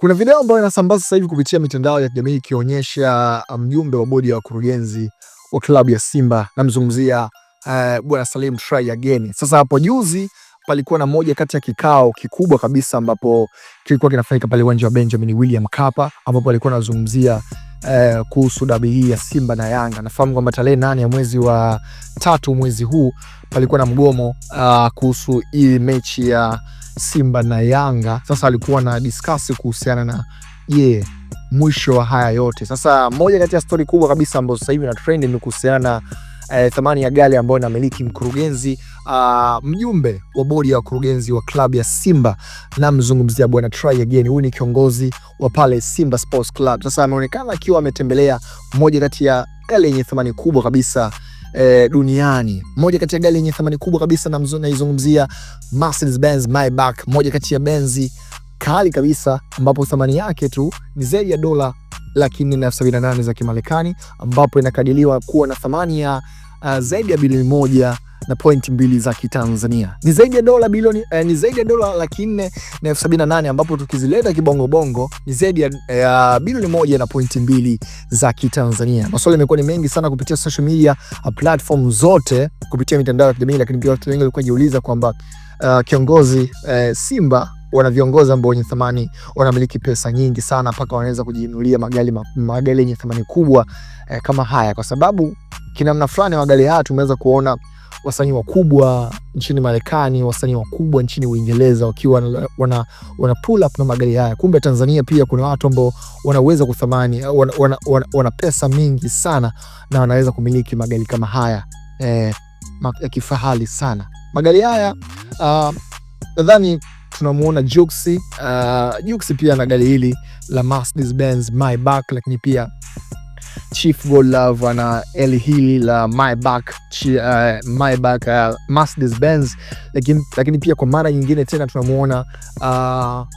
Kuna video ambayo inasambaza sasa hivi kupitia mitandao ya kijamii ikionyesha uh, mjumbe wa bodi ya wakurugenzi wa klabu ya Simba, namzungumzia uh, bwana Salim Try Again. Sasa hapo juzi palikuwa na moja kati ya kikao kikubwa kabisa ambapo kilikuwa kinafanyika pale uwanja wa Benjamin William Mkapa, ambapo alikuwa anazungumzia eh, kuhusu dabi hii ya Simba na Yanga. Nafahamu kwamba tarehe nane ya mwezi wa tatu mwezi huu palikuwa na mgomo uh, kuhusu hii mechi ya Simba na Yanga. Sasa alikuwa na diskasi kuhusiana na je, yeah, mwisho wa haya yote sasa. Moja kati ya stori kubwa kabisa ambazo sasa hivi na trend ni kuhusiana na eh, thamani ya gari ambayo inamiliki mkurugenzi uh, mjumbe wa bodi ya wakurugenzi wa klabu ya Simba. Namzungumzia bwana Try Again, huyu ni kiongozi wa pale Simba Sports Club. Sasa ameonekana akiwa ametembelea moja kati ya gari yenye thamani kubwa kabisa e, duniani. Moja kati ya gari yenye thamani kubwa kabisa naizungumzia Mercedes Benz Maybach, moja kati ya benzi kali kabisa ambapo thamani yake tu ni zaidi ya dola laki nne na elfu sabini na nane za Kimarekani, ambapo inakadiriwa kuwa na thamani ya uh, zaidi ya bilioni moja na pointi mbili za Kitanzania ni zaidi ya dola bilioni eh, ni zaidi ya dola laki nne na elfu sabini na nane ambapo tukizileta kibongobongo ni zaidi ya eh, bilioni moja na pointi mbili za Kitanzania. Maswali yamekuwa ni mengi sana kupitia social media uh, platform zote, kupitia mitandao ya kijamii, lakini pia watu wengi walikuwa jiuliza kwamba uh, kiongozi eh, Simba wana viongozi ambao wenye thamani wanamiliki pesa nyingi sana mpaka wanaweza kujinunulia magari magari yenye thamani kubwa eh, kama haya, kwa sababu kinamna fulani magari haya tumeweza kuona wasanii wakubwa nchini Marekani, wasanii wakubwa nchini Uingereza wakiwa wana, wana, wana pull up na magari haya. Kumbe Tanzania pia kuna watu ambao wanaweza kuthamani, wana, wana, wana, wana pesa mingi sana na wanaweza kumiliki magari kama haya eh, ya kifahari sana. Magari haya uh, nadhani tunamuona Juksi uh, ah, Juksi pia na gari hili la Mercedes Benz Maybach, lakini pia Chief Godlove ana eli hili la Maybach, uh, Maybach, uh, Mercedes Benz, lakini, lakini pia kwa mara nyingine tena tunamwona uh,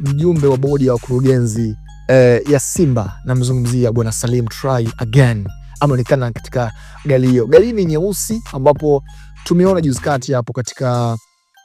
mjumbe wa bodi ya wakurugenzi uh, ya Simba, namzungumzia bwana Salim Try Again ameonekana katika gari hiyo. Gari ni nyeusi ambapo tumeona juzi kati hapo katika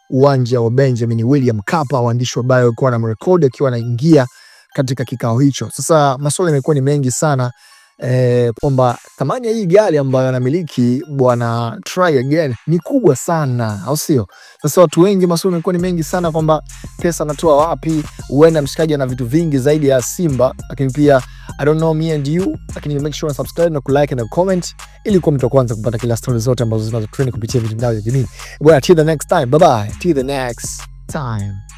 uwanja wa Benjamin William kapa waandishi wa habari na wanamrekodi akiwa anaingia katika kikao hicho. Sasa maswali yamekuwa ni mengi sana kwamba eh, kwamba thamani ya hii gari ambayo anamiliki bwana Try Again ni kubwa sana, au sio? Sasa watu wengi, maswali yamekuwa ni mengi sana kwamba pesa anatoa wapi? Huenda mshikaji ana vitu vingi zaidi ya Simba, lakini pia I don't know me and you, lakini make sure subscribe na kulike na comment ili kuwa mtu wa kwanza kupata kila zote ambazo zinazo trend kupitia mitandao ya kijamii. Bwana, till the next time, bye bye, till the next time.